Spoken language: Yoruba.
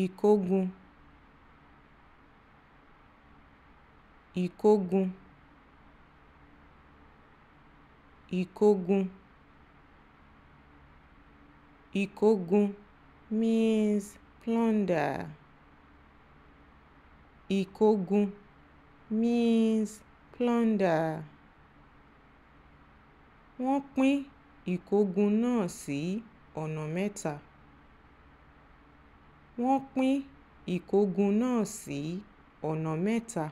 ìkógun ìkógun ìkógun ìkógun means plunder ìkógun means plunder wọ́n pín ìkógun náà sí ọ̀nà mẹ́ta wọ́n pín ìkógun náà sí ọ̀nà mẹ́ta